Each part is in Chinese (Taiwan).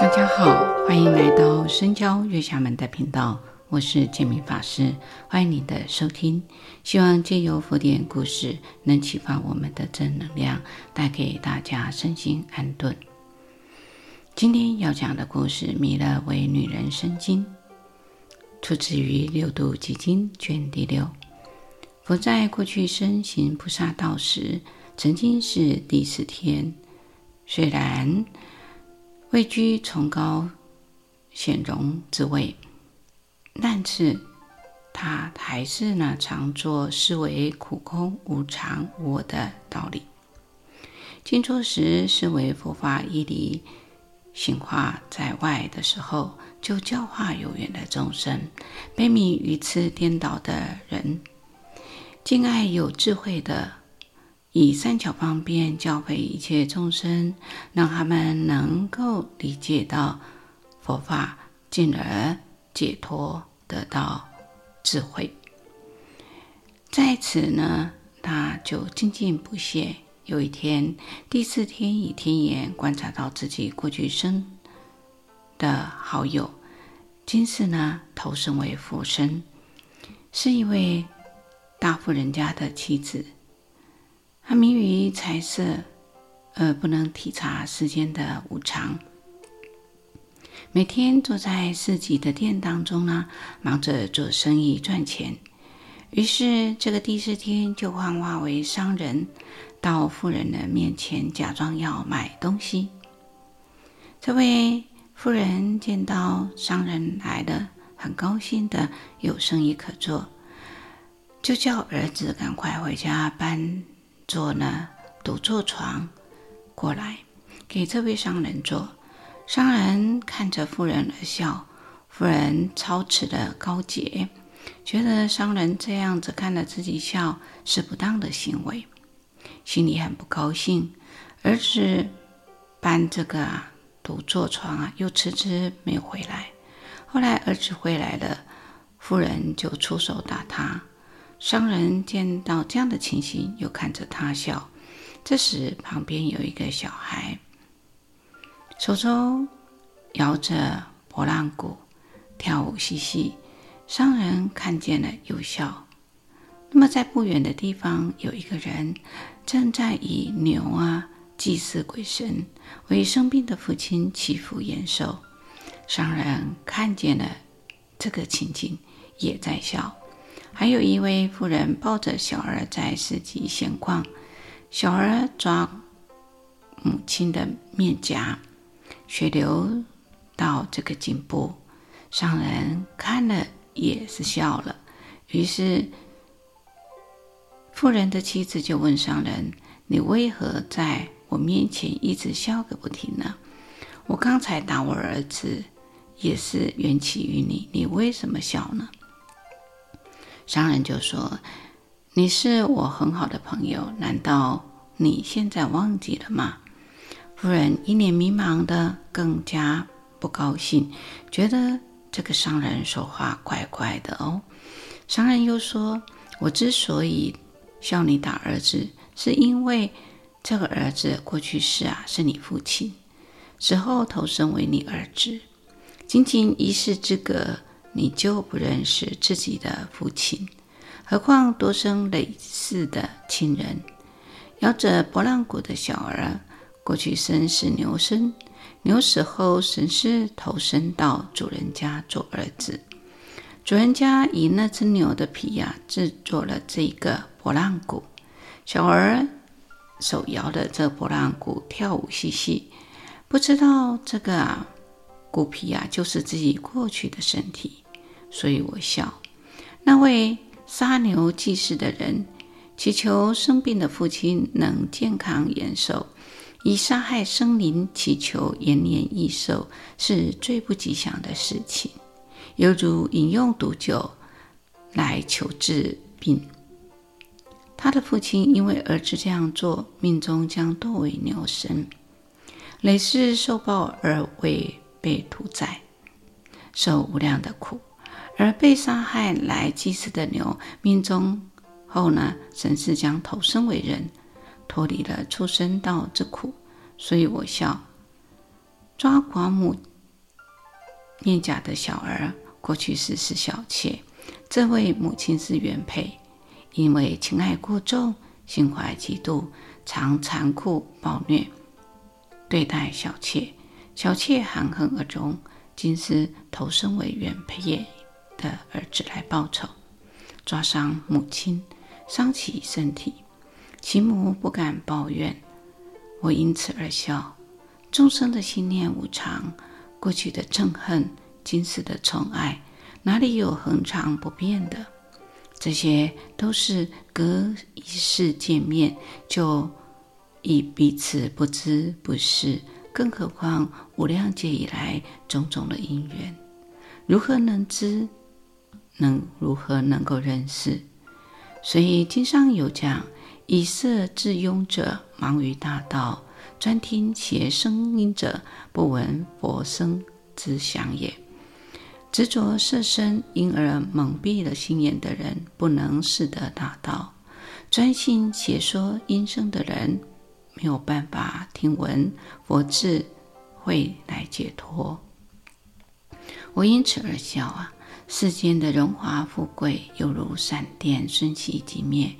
大家好，歡迎來到僧敲月下門的頻道，我是見明法師，歡迎你的收聽。希望借由佛典故事，能啟發我們的正能量，帶給大家身心安頓。今天要講的故事，彌勒為女人身經，出自於《六度集經》卷第六。佛在過去生行菩薩道時，曾經是帝釋天，雖然。位居崇高顯榮之位，但是他還是呢，常做思惟苦空無常無我的道理。靜坐時，思惟佛法義理，行化在外的時候，就教化有緣的眾生，悲憫愚痴顛倒的人，敬愛有智慧的。以善巧方便教誨一切眾生，讓他們能夠理解到佛法，進而解脫，得到智慧。在此呢，他就精進不懈。有一天，帝釋天以天眼觀察到自己過去生的好友，今世呢投生為婦人身，是一位大富人家的妻子。他迷於財色，而、呃、不能體察世間的無常。每天坐在自己的店當中呢，忙着做生意賺錢。於是，這個帝釋天就幻化為商人，到婦人的面前假裝要買東西。這位婦人見到商人來了，很高興的有生意可做，就叫兒子趕快回家搬。坐呢，獨坐床，過來給這位商人坐。商人看着婦人而笑，婦人操持的高潔，覺得商人這樣子看着自己笑是不當的行為，心裡很不高興。兒子搬這個啊，獨坐床啊，又遲遲沒有回來。後來兒子回來了，婦人就出手打他。商人見到這樣的情形，又看着他笑。這時，旁邊有一個小孩，手中搖着博浪鼓，跳舞嬉戲。商人看見了，又笑。那麼，在不遠的地方，有一個人正在以牛啊祭祀鬼神，為生病的父親祈福延壽。商人看見了這個情景，也在笑。還有一位婦人抱着小兒在市集閒逛，小兒抓母親的面頰，血流到這個頸部，商人看了也是笑了。於是，富人的妻子就問商人：“你為何在我面前一直笑個不停呢？我剛才打我兒子，也是緣起於你，你為什麼笑呢？”商人就說：“你是我很好的朋友，難道你現在忘記了嗎？”夫人一臉迷茫的，更加不高興，覺得這個商人說話怪怪的哦。商人又說：“我之所以笑你打兒子，是因為這個兒子過去世啊，是你父親，死後投生為你兒子，僅僅一世之隔。”你就不認識自己的父親，何況多生累世的親人？搖着撥浪鼓的小兒，過去生是牛身，牛死後神識，投生到主人家做兒子。主人家以那隻牛的皮呀、啊，製作了這個撥浪鼓。小兒手搖的這撥浪鼓跳舞嬉戲，不知道這個鼓皮啊，鼓皮呀，就是自己過去的身體。所以我笑。那位殺牛祭祀的人，祈求生病的父親能健康延壽，以殺害生靈祈求延年益壽，是最不吉祥的事情，猶如飲用毒酒來求治病。他的父親因為兒子這樣做，命終將墮為牛身，累世受報而未被屠宰，受無量的苦。而被殺害來祭祀的牛，命終後呢，神識將投生為人，脫離了畜生道之苦。所以我笑，抓刮母面頰的小兒，過去世是小妾，這位母親是原配，因為情愛過重，心懷嫉妒，常殘酷暴虐對待小妾，小妾含恨而終。今世投生為原配也。的兒子來報仇，抓傷母親，傷其身體，其母不敢抱怨。我因此而笑，眾生的心念無常，過去的憎恨，今世的寵愛，哪裡有恆常不變的？這些都是隔一世見面就已彼此不知不識，更何況無量劫以來種種的因緣，如何能知？能如何能夠認識？所以經上有講：以色自壅者，盲於大道；專聽邪聲音者，不聞佛聲之響也。執着色身，因而蒙蔽了心眼的人，不能識得大道；專心邪說音聲的人，沒有辦法聽聞佛智慧來解脫。我因此而笑啊！世間的榮華富貴猶如閃電，瞬息即滅，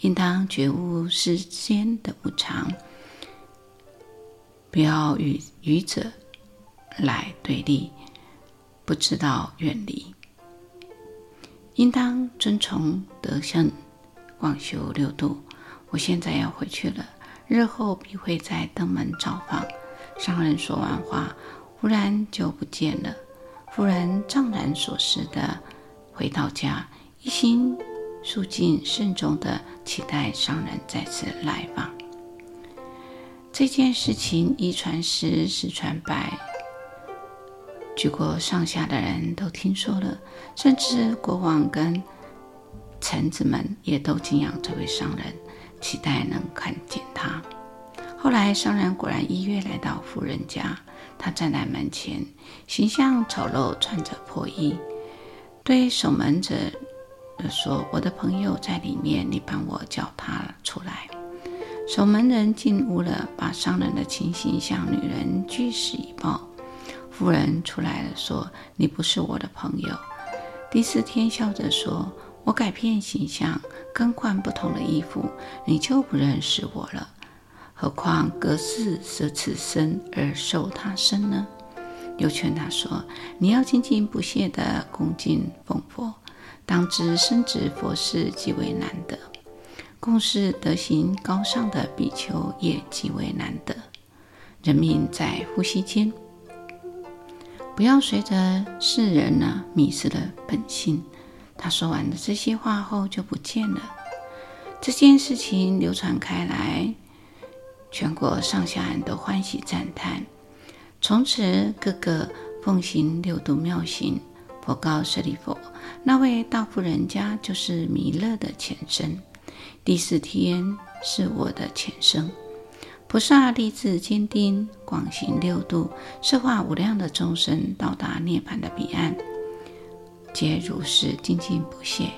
應當覺悟世間的無常，不要與愚者來對立，不知道遠離，應當尊崇德勝，廣修六度。我現在要回去了，日後必會再登門造訪。商人說完話，忽然就不見了。夫人悵然若失的回到家，一心肅敬慎重的期待商人再次來訪。這件事情一傳十，十傳百，舉國上下的人都聽說了，甚至國王跟臣子們也都敬仰這位商人，期待能看見他。後來商人果然依約來到夫人家。他站在門前，形象醜陋，穿着破衣，對守門者說：“我的朋友在裡面，你幫我叫他出來。”守門人進屋了，把商人的情形向女人據實以報。婦人出來了，說：“你不是我的朋友。”帝釋天，笑着說：“我改變形象，更換不同的衣服，你就不認識我了。”何況隔世捨此身而受他身呢？又勸他說：“你要精進不懈地恭敬奉佛，當知生值佛世極為難得，供事德行高尚的比丘也極為難得。人命在呼吸間，不要隨着世人呢迷失了本性。”他說完了這些話後就不見了。這件事情流傳開來。全國上下人都歡喜讚歎，從此各個奉行六度妙行。佛告舍利弗，那位大富人家就是彌勒的前身。帝釋天是我的前身，菩薩立志堅定，廣行六度，攝化無量的眾生，到達涅槃的彼岸，皆如是精進不懈。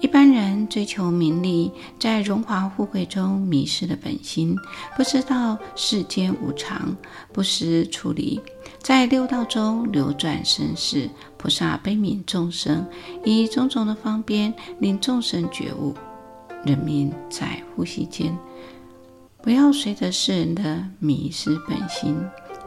一般人追求名利，在榮華富貴中迷失了本心，不知道世間無常，不思出離，在六道中流轉生死。菩薩悲憫眾生，以種種的方便令眾生覺悟。人命在呼吸間，不要隨着世人的迷失本心，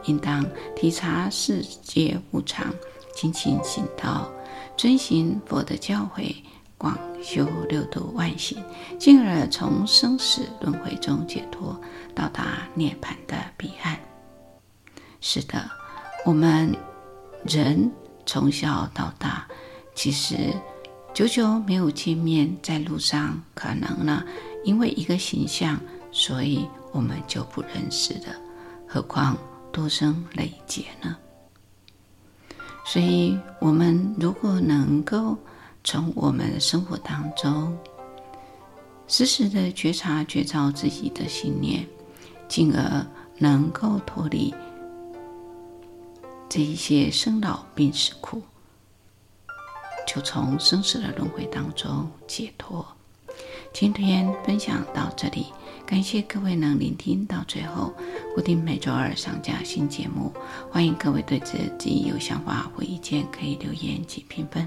應當體察世界無常，精勤行道，遵循佛的教誨。廣修六度萬行，進而從生死輪迴中解脫，到達涅槃的彼岸。是的，我們人從小到大，其實久久沒有見面，在路上可能呢，因為一個形象，所以我們就不認識了。何況多生累劫呢？所以，我們如果能夠。從我們的生活當中，時時的覺察、覺照自己的信念，進而能夠脫離這一些生老病死苦，就從生死的輪迴當中解脫。今天分享到這裡，感謝各位能聆聽到最後。固定每週二上架新節目，歡迎各位對自己有想法或意見可以留言及評分。